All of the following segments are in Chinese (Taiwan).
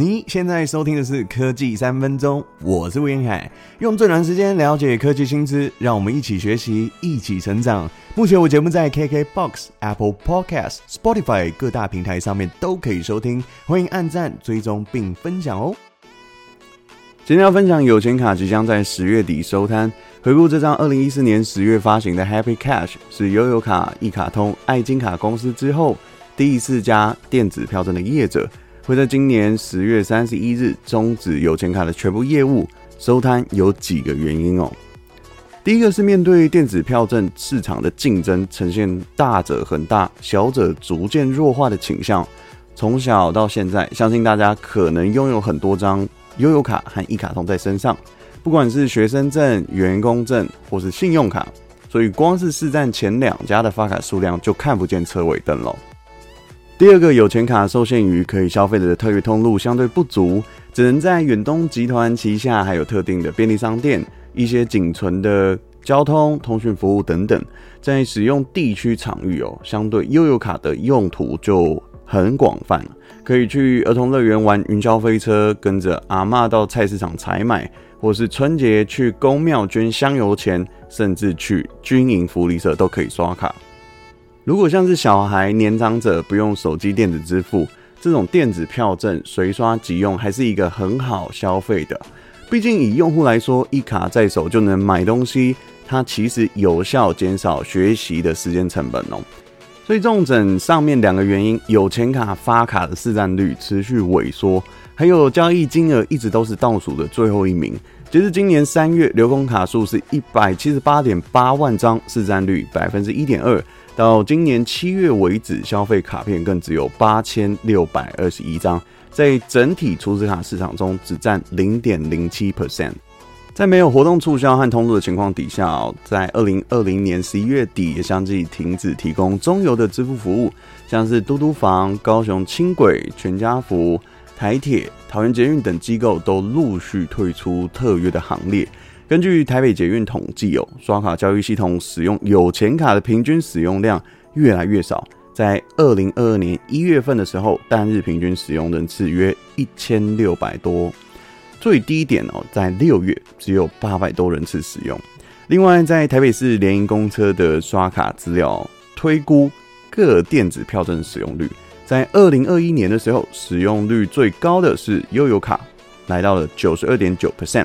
你現在收聽的是《科技三分鐘》，我是吳英海，用最短時間了解科技新知，讓我們一起學習，一起成長。目前我節目在 KK Box、Apple Podcast、Spotify 各大平台上面都可以收聽，歡迎按讚、追蹤並分享哦。今天要分享，有錢卡即將在十月底收攤。回顧這張二零一四年十月發行的 Happy Cash，是悠遊卡、一卡通、愛金卡公司之後第四家電子票證的業者。會在今年十月三十一日終止有錢卡的全部業務收攤，有幾個原因哦、喔。第一個是面對電子票證市場的競爭，呈現大者恆大，小者逐漸弱化的傾向。從小到現在，相信大家可能擁有很多張悠遊卡和一卡通在身上，不管是學生證、員工證或是信用卡，所以光是市佔前兩家的發卡數量就看不見車尾燈了、喔。第二個，有錢卡受限於可以消費的特約通路相對不足，只能在遠東集團旗下還有特定的便利商店、一些僅存的交通、通訊服務等等，在使用地區場域哦，相對悠遊卡的用途就很廣泛，可以去兒童樂園玩雲霄飛車，跟着阿嬤到菜市場採買，或是春節去宮廟捐香油錢，甚至去軍營福利社都可以刷卡。如果像是小孩、年長者不用手機電子支付，這種電子票證隨刷即用，還是一個很好消費的。畢竟以用戶來說，一卡在手就能買東西，它其實有效減少學習的時間成本哦、喔。所以，重整上面兩個原因，有錢卡發卡的市占率持續萎縮，還有交易金額一直都是倒數的最後一名。截至今年三月，流通卡數是一百七十八點八萬張，市占率百分之一點二。到今年七月為止，消費卡片更只有八千六百二十一張，在整體儲值卡市場中只佔零點零七 percent。在沒有活動促銷和通路的情況底下，在二零二零年十一月底也相繼停止提供中油的支付服務，像是嘟嘟房、高雄輕軌、全家福、台鐵、桃園捷運等機構都陸續退出特約的行列。根據台北捷運統計，哦，刷卡交易系統使用有錢卡的平均使用量越來越少。在二零二二年一月份的時候，單日平均使用人次約一千六百多，最低點哦，在六月只有八百多人次使用。另外，在台北市聯營公車的刷卡資料推估各電子票證使用率，在二零二一年的時候，使用率最高的是悠遊卡，來到了九十二點九 percent。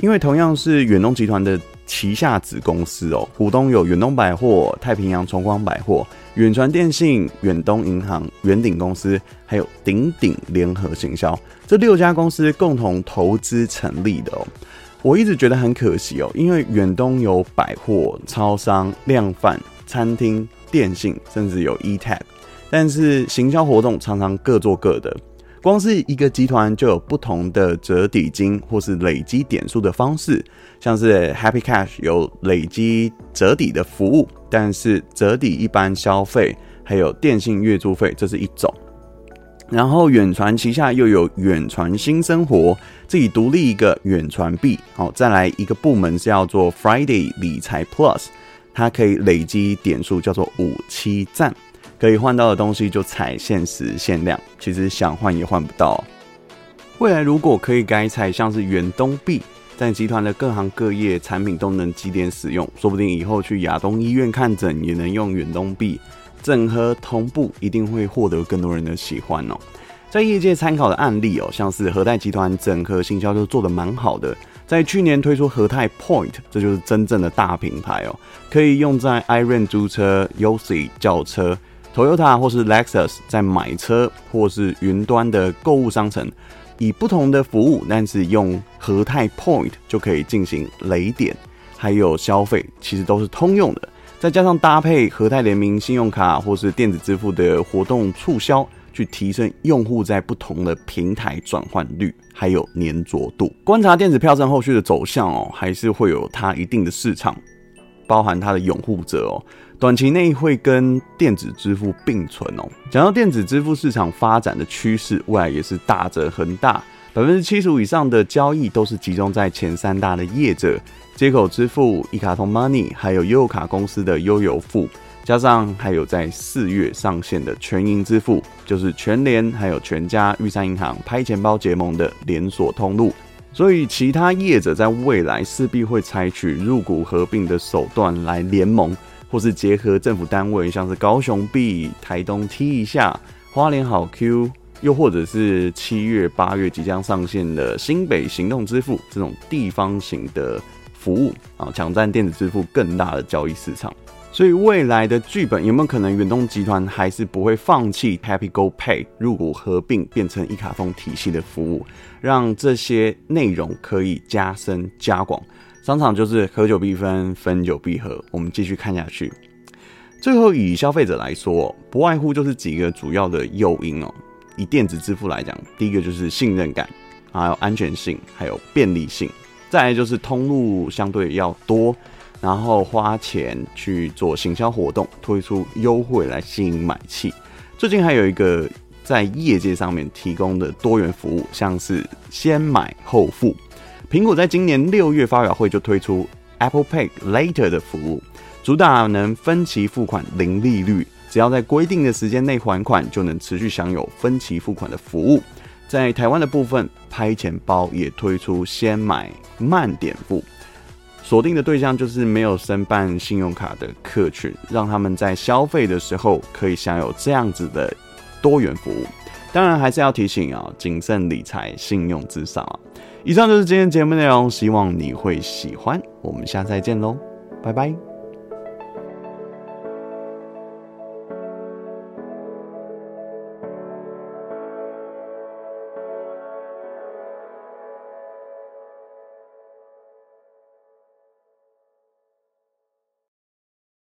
因為同樣是遠東集團的旗下子公司哦，股東有遠東百貨、太平洋崇光百貨、遠傳電信、遠東銀行、圓鼎公司，還有鼎鼎聯合行銷，這六家公司共同投資成立的哦。我一直覺得很可惜哦，因為遠東有百貨、超商、量販、餐廳、電信，甚至有 eTag，但是行銷活動常常各做各的。光是一個集團就有不同的折抵金或是累積點數的方式，像是 Happy Cash 有累積折抵的服務，但是折抵一般消費還有電信月租費，這是一種。然後遠傳旗下又有遠傳新生活，自己獨立一個遠傳幣，好，再來一個部門是叫做 Friday 理財 Plus，它可以累積點數叫做五七讚。可以換到的東西就採限時限量，其實想換也換不到哦。未來如果可以改採像是遠東幣，在集團的各行各業產品都能集點使用，說不定以後去亞東醫院看診也能用遠東幣。整合同步一定會獲得更多人的喜歡哦。在業界參考的案例哦，像是和泰集團整合行銷就做得蠻好的，在去年推出和泰 Point，這就是真正的大品牌哦，可以用在 iRent 租車、Yosi 轎車。Toyota 或是 Lexus 在買車，或是雲端的購物商城，以不同的服務，但是用和泰 Point 就可以進行累點，還有消費，其實都是通用的。再加上搭配和泰聯名信用卡或是電子支付的活動促銷，去提升用戶在不同的平台轉換率，還有粘着度。觀察電子票證後續的走向哦，還是會有它一定的市場，包含它的擁護者哦。短期內會跟電子支付並存哦。講到電子支付市場發展的趨勢，未來也是大者恆大，百分之七十五以上的交易都是集中在前三大的業者，街口支付、e、一卡通 Money，還有悠遊卡公司的悠遊付，加上還有在四月上線的全銀支付，就是全聯還有全家、玉山銀行、拍錢包結盟的連鎖通路。所以，其他業者在未來勢必會採取入股合併的手段來聯盟。或是結合政府單位，像是高雄 B、台東 T 一下，花蓮好 Q，又或者是七月八月即將上線的新北行動支付這種地方型的服務啊，搶佔電子支付更大的交易市場。所以未來的劇本有沒有可能，遠東集團還是不會放棄 Happy Go Pay 入股合併，變成一卡通體系的服務，讓這些內容可以加深加廣。商場就是合久必分，分久必合。我們繼續看下去。最後，以消費者來說，不外乎就是幾個主要的誘因哦。以電子支付來講，第一個就是信任感，還有安全性，還有便利性。再來就是通路相對要多，然後花錢去做行銷活動，推出優惠來吸引買氣。最近還有一個在業界上面提供的多元服務，像是先買後付。蘋果在今年六月發表會就推出 Apple Pay Later 的服務，主打能分期付款零利率，只要在規定的時間內還款，就能持續享有分期付款的服務。在台灣的部分，拍錢包也推出先買慢點付，鎖定的對象就是沒有申辦信用卡的客群，讓他們在消費的時候可以享有這樣子的多元服務。當然還是要提醒啊，謹慎理財，信用至上啊！以上就是今天節目內容，希望你會喜歡，我們下次再見嘍，拜拜。